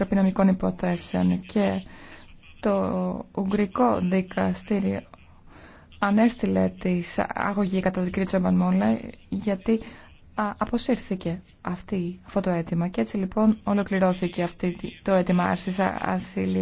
Επιτροπή Νομικών Υποθέσεων και το Ουγγρικό Δικαστήριο ανέστηλε τη αγωγή κατά την κυρία Τζόμπαν γιατί αποσύρθηκε αυτή, αυτό το αίτημα και έτσι λοιπόν ολοκληρώθηκε αυτή, το αίτημα άρσης ασύλη